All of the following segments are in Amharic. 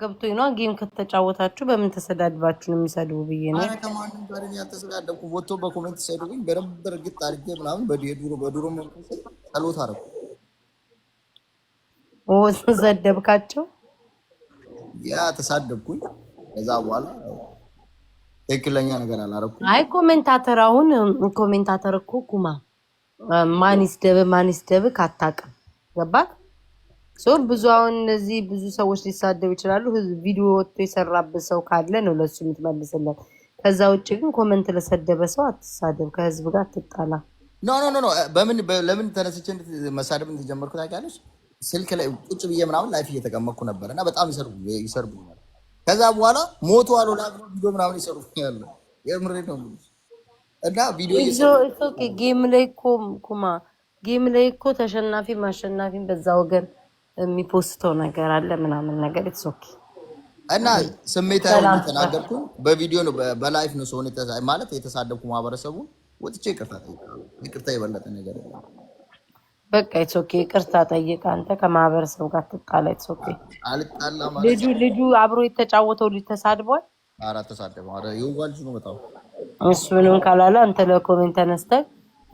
ገብቶኝ ነው። ጌም ከተጫወታችሁ በምን ተሰዳድባችሁ ነው የሚሰድቡ ብዬ ነው። ኧረ ከማንም ጋር እኔ አልተሰዳደብኩም። ወጥቶ በኮሜንት ሰድቡኝ በደንብ እርግጥ አድርጌ ምናምን በድሮ በድሮ ጸሎት አደረኩ። ዘደብካቸው? ያ ተሳደብኩኝ። ከዛ በኋላ ትክክለኛ ነገር አላረኩ። አይ ኮሜንታተር፣ አሁን ኮሜንታተር እኮ ኩማ ማን ይስደብ ማን ይስደብ ካታውቅም ገባት ሶ ብዙ አሁን እነዚህ ብዙ ሰዎች ሊሳደቡ ይችላሉ። ቪዲዮ ወጥቶ የሰራበት ሰው ካለ ነው ለሱ የምትመልስለት። ከዛ ውጭ ግን ኮመንት ለሰደበ ሰው አትሳደብ፣ ከህዝብ ጋር አትጣላ። ኖ ኖ ኖ። በምን ለምን ተነስቼ መሳደብ እንደጀመርኩ ታውቂያለሽ? ስልክ ላይ ቁጭ ብዬ ምናምን ላይፍ እየተቀመጥኩ ነበር እና በጣም ይሰርቡኛል። ከዛ በኋላ ሞቱ አሉ ቪዲዮ ምናምን ይሰሩኛል። የምሬ ነው እና ቪዲዮ ጌም ላይ እኮ ኩማ ጌም ላይ እኮ ተሸናፊም አሸናፊም በዛ ወገን የሚፖስተው ነገር አለ ምናምን ነገር ኦኬ። እና ስሜት የተናገርኩ በቪዲዮ ነው በላይፍ ነው ሰሆን ማለት የተሳደብኩ ማህበረሰቡ ወጥቼ ይቅርታ ይቅርታ የበለጠ ነገር በቃ ኢትስ ኦኬ። ይቅርታ ጠይቅ። አንተ ከማህበረሰቡ ጋር ትጣላ። ኢትስ ኦኬ። ልጁ ልጁ አብሮ የተጫወተው ልጅ ተሳድቧል። ኧረ ተሳደበ። ኧረ የዋ ልጅ ነው በጣም እሱንም ካላለ አንተ ለኮሜንት ተነስተህ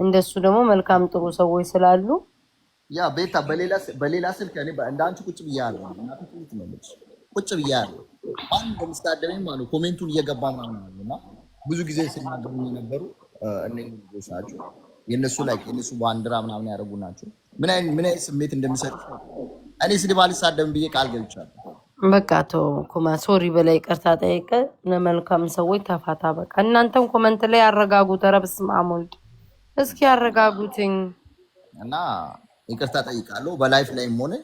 እንደሱ ደግሞ መልካም ጥሩ ሰዎች ስላሉ ያ ቤታ በሌላ ስልክ እኔ እንደ አንቺ ቁጭ ብያለሁ፣ ቁጭ ብያለሁ። አንድ በምስታደበኝ ማለ ኮሜንቱን እየገባ እና ብዙ ጊዜ ስናገሩ የነበሩ እነዚህ ልጆች ናቸው። የእነሱ ላይ የእነሱ ባንዲራ ምናምን ያደረጉ ናቸው። ምን አይነት ስሜት እንደሚሰጥ እኔ ስድብ አልሳደብም ብዬ ቃል ገብቻለሁ። በቃ ተው ኩማ ሶሪ በላይ ቅርታ ጠይቀ ለመልካም ሰዎች ተፋታ። በቃ እናንተም ኮመንት ላይ ያረጋጉት። ኧረ በስመ አብ ወልድ፣ እስኪ ያረጋጉትኝ እና ይቅርታ ጠይቃለሁ። በላይፍ ላይም ሆነ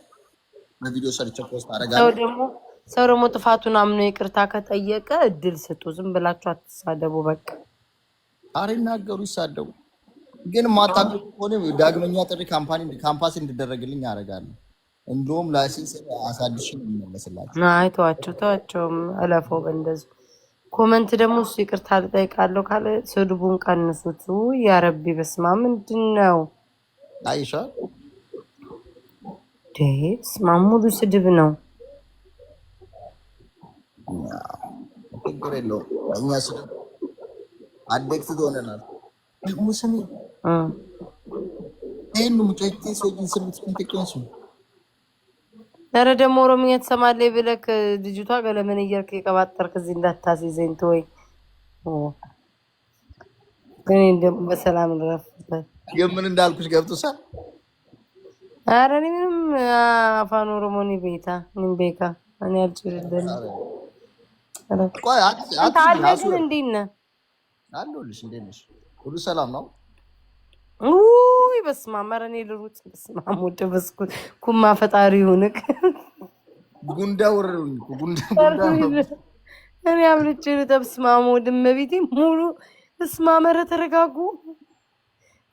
በቪዲዮ ሰርቼ ፖስት አደርጋለሁ። ሰው ደግሞ ጥፋቱን አምኖ ይቅርታ ከጠየቀ እድል ስጡ። ዝም ብላችሁ አትሳደቡ። በቃ አሬ ይናገሩ፣ ይሳደቡ። ግን ማታቁ ሆነ ዳግመኛ ጥሪ ካምፓኒ ካምፓስ እንድደረግልኝ አደርጋለሁ። እንዲሁም ላይሰንስ አሳድሽ ይመለስላቸው። አይ ተዋቸው፣ ተዋቸውም እለፈው። በእንደዚህ ኮመንት ደግሞ እሱ ይቅርታ ልጠይቃለሁ ካለ ስድቡን ቀንሱት። ያረቢ በስማ ምንድን ነው አይሻ ማሙዱ ስድብ ነው። ችግር የለውም። እኛ ስድብ አደግት ትሆነናል። ደግሞ ይህን ሙጫጭ ሰጅን ስምት ንጥቀሱ ኧረ ደግሞ ኦሮምኛ ትሰማለች ብለህ ልጅቷ ገለመን እየርክ የቀባጠርክ እዚህ እንዳታስይዘኝ ተወኝ። ግን ደግሞ በሰላም ልረፍበት የምን እንዳልኩሽ ገብቶሻል። ኧረ እኔ ምንም አፋን ኦሮሞ ቤታ ምን ቤካ እኔ አልችልም። ታለግን እንዴት ነህ? አለሁልሽ። እንዴት ነሽ? ሁሉ ሰላም ነው? ውይ በስመ አብ! ኧረ እኔ ልሩጥ። በስመ አብ ወደ በስኩት ኩማ ፈጣሪ ይሁንክ። ጉንዳ ወረሩኝ ጉንዳ እኔ አምልጬ ልውጣ። በስመ አብ ወደ እመቤቴ ሙሉ በስመ አብ! ኧረ ተረጋጉ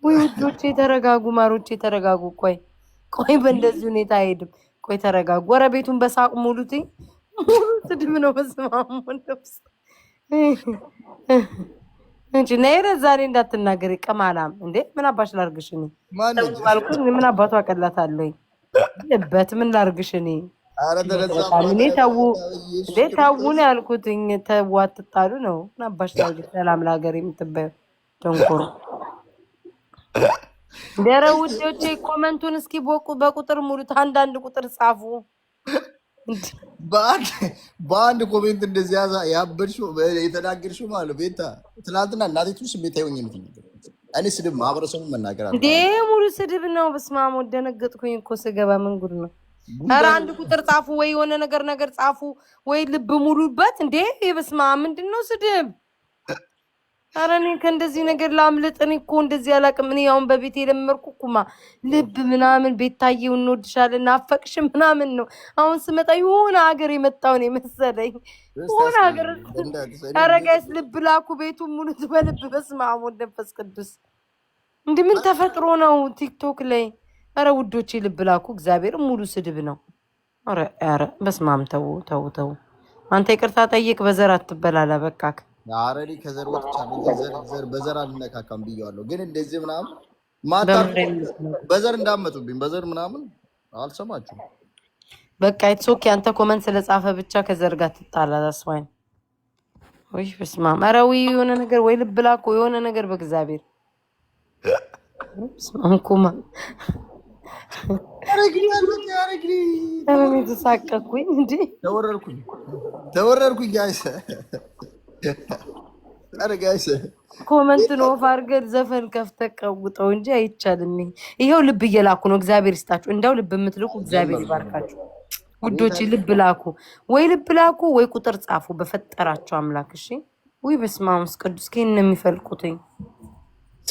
ወይ ውዶቼ፣ ተረጋጉ ማሮቼ፣ ተረጋጉ ቆይ ቆይ በእንደዚህ ሁኔታ አይሄድም። ቆይ ተረጋጉ። ጎረቤቱን በሳቅ ሙሉት ሙሉት። ድም ነው በስማሙን ነብስ እንጂ ነይረ ዛሬ እንዳትናገር ቅማላም። እንዴ ምን አባሽ ላርግሽ እኔ ምን አባቱ አቀላታለኝ በት ምን ላርግሽ እኔ እኔ ተዉ እንዴ ተዉን ያልኩትኝ ተዉ አትጣሉ ነው። ምን አባሽ ላርግሽ ሰላም ለሀገር የምትባዩ ደንቆሮ ደረ ውዶቼ ኮመንቱን እስኪ በቁጥር ሙሉት። አንዳንድ ቁጥር ጻፉ። በአንድ ኮሜንት እንደዚህ ያዛ ያበድሽው የተናገርሽው ማለት ቤታ ትናንትና እናቴቱ ስሜት አይሆኝ እኔ ስድብ ማህበረሰቡን መናገር አለ ሙሉ ስድብ ነው። በስማሙ ደነገጥኩኝ እኮ ስገባ ምን ጉድ ነው? ኧረ አንድ ቁጥር ጻፉ ወይ የሆነ ነገር ነገር ጻፉ ወይ ልብ ሙሉበት እንዴ። በስማ ምንድን ነው ስድብ ኧረ እኔ ከእንደዚህ ነገር ላምልጥ። እኔ እኮ እንደዚህ አላውቅም። እኔ አሁን በቤት የለመድኩ ኩማ ልብ ምናምን ቤታዬ እንወድሻለን አፈቅሽ ምናምን ነው። አሁን ስመጣ የሆነ ሀገር የመጣውን የመሰለኝ የሆነ ሀገር። ኧረ ጋይስ ልብ ላኩ ቤቱ ሙሉ በልብ በስመ አብ ወልድ ቅዱስ። እንዲህ ምን ተፈጥሮ ነው ቲክቶክ ላይ? ኧረ ውዶቼ ልብ ላኩ እግዚአብሔር ሙሉ ስድብ ነው። ኧረ ኧረ በስመ አብ ተው ተው ተው። አንተ ይቅርታ ጠይቅ፣ በዘር አትበላላ። በቃክ አረሪ ከዘር ወጥቻለሁ ዘር በዘር አልነካካም ብያዋለሁ። ግን እንደዚህ ምናምን ማታ በዘር እንዳመጡብኝ በዘር ምናምን አልሰማችሁም። በቃ ኢትሶክ ያንተ ኮመንት ስለጻፈ ብቻ ከዘር ጋር ትጣላለህ። አስማኝ ወይ በስመ አብ የሆነ ነገር ወይ ልብላኮ የሆነ ነገር በእግዚአብሔር ስማንኩማ ተወረርኩኝ ተወረርኩኝ ጋይሰ ኮመንት ነው አድርገን ዘፈን ከፍተህ ቀውጠው እንጂ አይቻልም። ይኸው ልብ እየላኩ ነው። እግዚአብሔር ይስጣችሁ። እንዳው ልብ የምትልኩ እግዚአብሔር ይባርካችሁ ውዶች። ልብ ላኩ፣ ወይ ልብ ላኩ፣ ወይ ቁጥር ጻፉ በፈጠራቸው አምላክ። እሺ ወይ በስመ አብ ወመንፈስ ቅዱስ ከይን ነው የሚፈልቁትኝ።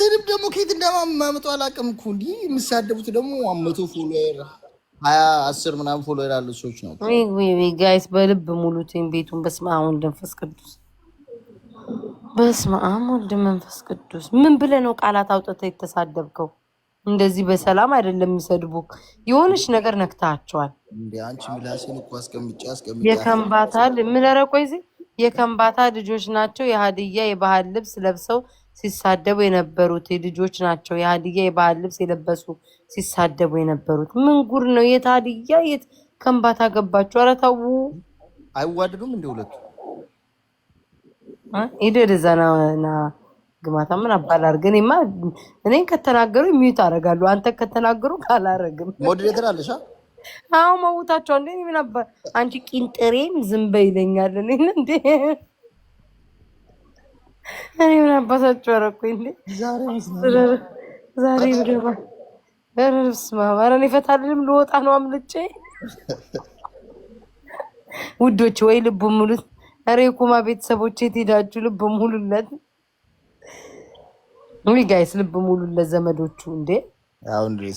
ስድብ ደግሞ ከየት እንደማመጡ አላውቅም እኮ እንዲህ የሚሳደቡት ደግሞ አመቶ ፎሎዌር ሀያ አስር ምናምን ፎሎዌር ያሉ ሰዎች ነው። ጋይስ በልብ ሙሉትኝ ቤቱን በስመ አብ ወመንፈስ ቅዱስ በስመ አብ ወልድ መንፈስ ቅዱስ። ምን ብለህ ነው ቃላት አውጥተህ የተሳደብከው? እንደዚህ በሰላም አይደለም የሚሰድቡክ። የሆነች ነገር ነክታቸዋል። የከምባታ ምለረቆይ የከንባታ ልጆች ናቸው። የሀድያ የባህል ልብስ ለብሰው ሲሳደቡ የነበሩት ልጆች ናቸው። የሀዲያ የባህል ልብስ የለበሱ ሲሳደቡ የነበሩት ምን ጉድ ነው? የት ሀዲያ የት ከንባታ ገባችሁ? ኧረ ተው፣ አይዋደዱም እንደ ሁለቱ ሄዶ ወደዛ ግማታ ምን አባላር ግን እኔማ እኔን ከተናገሩ ሚዩት አደርጋለሁ። አንተ ከተናገሩ አላረግም። ሞዴሬተር አለሽ? አዎ መውታቸው እንዴ ምን አባ አንቺ ቂንጥሬም ዝም በይ ይለኛል። እኔ እንዴ እኔ ምን አባታቸው አረኩ እንዴ ዛሬ ደማ ርስ ማማረን ይፈታልንም ልወጣ ነው አምልጬ ውዶች ወይ ልቡ ሙሉት ሬኩማ ቤተሰቦች የት ሄዳችሁ? ልብ ሙሉለት ወይ ጋይስ፣ ልብ ሙሉለት ዘመዶቹ። እንዴ አሁን ድረስ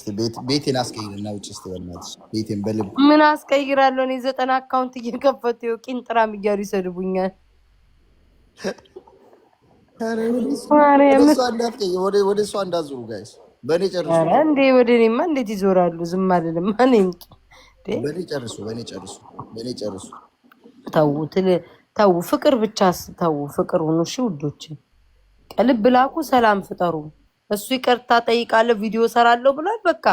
ቤቴን አስቀይርና ውጭ ስትበልናት ቤቴን በልብ ምን አስቀይራለሁ? እኔ ዘጠና አካውንት እየከፈቱ ው ቂንጥራም እያሉ ይሰድቡኛል። ወደ እሷ እንዳዞሩ ጋይስ፣ በእኔ ጨርሱ እንዴ። ወደ እኔማ እንዴት ይዞራሉ? ዝም አልልም። በእኔ ጨርሱ፣ በእኔ ጨርሱ፣ በእኔ ጨርሱ። ተው ትል ተዉ፣ ፍቅር ብቻ ተዉ፣ ፍቅር ሁኑ። እሺ ውዶች፣ ቀልብ ብላኩ፣ ሰላም ፍጠሩ። እሱ ይቅርታ ጠይቃለሁ ቪዲዮ ሰራለሁ ብሏል። በቃ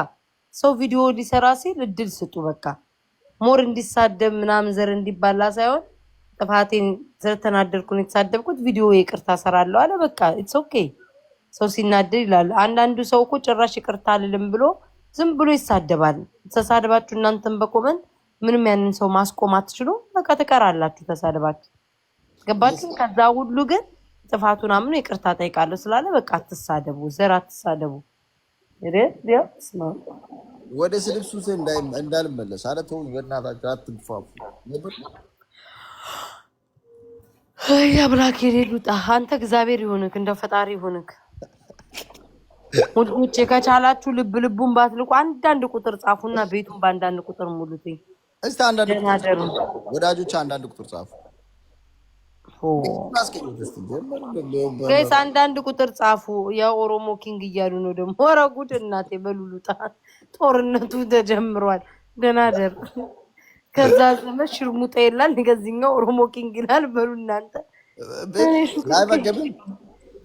ሰው ቪዲዮ ሊሰራ ሲል እድል ስጡ። በቃ ሞር እንዲሳደብ ምናምን ዘር እንዲባላ ሳይሆን ጥፋቴን ስለተናደድኩን የተሳደብኩት ቪዲዮ ይቅርታ ሰራለሁ አለ። በቃ ኢትስ ኦኬ። ሰው ሲናደድ ይላል። አንዳንዱ ሰው እኮ ጭራሽ ይቅርታ አልልም ብሎ ዝም ብሎ ይሳደባል። ተሳድባችሁ እናንተን በኮመንት ምንም ያንን ሰው ማስቆም አትችሉ። በቃ ትቀራላችሁ ተሳድባችሁ። ገባችሁ? ከዛ ሁሉ ግን ጥፋቱን አምኖ ይቅርታ ጠይቃለሁ ስላለ በቃ አትሳደቡ፣ ዘር አትሳደቡ። ወደ ስድብ ሱሴ እንዳልመለስ አለ። ተው በእናታችሁ አትግፋፉ። አምላክ የሌሉጣ አንተ እግዚአብሔር ይሆንክ እንደ ፈጣሪ ይሆንክ። ሙልቁጭ ከቻላችሁ ልብ ልቡን ባትልቁ አንዳንድ ቁጥር ጻፉና ቤቱን በአንዳንድ ቁጥር ሙሉትኝ። እስቲ አንዳንድ ቁጥር ወዳጆች አንዳንድ ቁጥር ጻፉ። ጋይስ አንዳንድ ቁጥር ጻፉ። የኦሮሞ ኪንግ እያሉ ነው ደግሞ። ኧረ ጉድ እናቴ! በሉሉጣ ጦርነቱ ተጀምሯል። ደናደር ከዛ ዘመን ሽርሙጣ ይላል፣ ከዚህኛው ኦሮሞ ኪንግ ይላል። በሉ እናንተ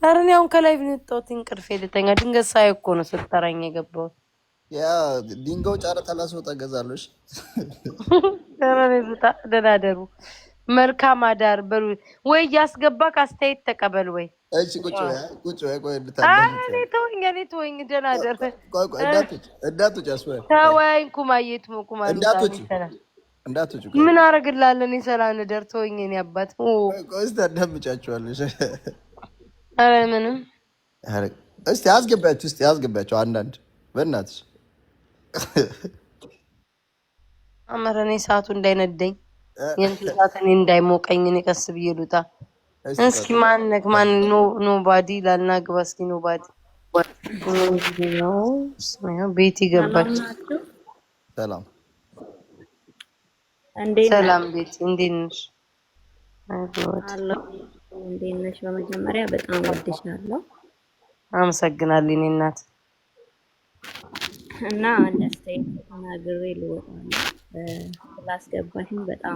ኧረ እኔ አሁን ከላይ ብንጣውት እንቅልፍ የለተኛ ድንገት ሳይ እኮ ነው ስጠራኝ የገባሁት ያ ዲንጋው ጨረታ ላስወጣ ገዛለሽ። ደህና መልካም አዳር በሉ። ወይ እያስገባ አስተያየት ተቀበል። ወይ እሺ፣ ቁጭ ወይ ቁጭ ወይ ቆይ፣ ተወኝ፣ እኔ ተወኝ። ደህና ደር። እንዳትወጪ ተወያይን። ኩማዬ ትሞ ኩማ እንዳትወጪ። ምን አደርግልሃለሁ? እኔ ሰላም ደር። ተወኝ፣ እኔ አባት። እስኪ አዳምጫቸዋለሽ። ኧረ ምንም እስኪ አስገባችሁ፣ እስኪ አስገባችሁ አንዳንድ በእናትሽ አመረ እኔ ሰዓቱ እንዳይነደኝ የእንት ሰዓት እኔ እንዳይሞቀኝ እኔ ቀስ ብዬ ልውጣ። እስኪ ማን ነክ ማን ኖ ባዲ ላናግባ። እስኪ ኖባዲ ቤት ይገባች። ሰላም ሰላም፣ ቤት እንዴት ነሽ? እንዴት ነሽ? በመጀመሪያ በጣም ወድሻለሁ። አመሰግናለሁ። እኔ እናት እና አንድ አስተያየት ተናግሬ ልወጣ ነው ስላስገባሽኝ በጣም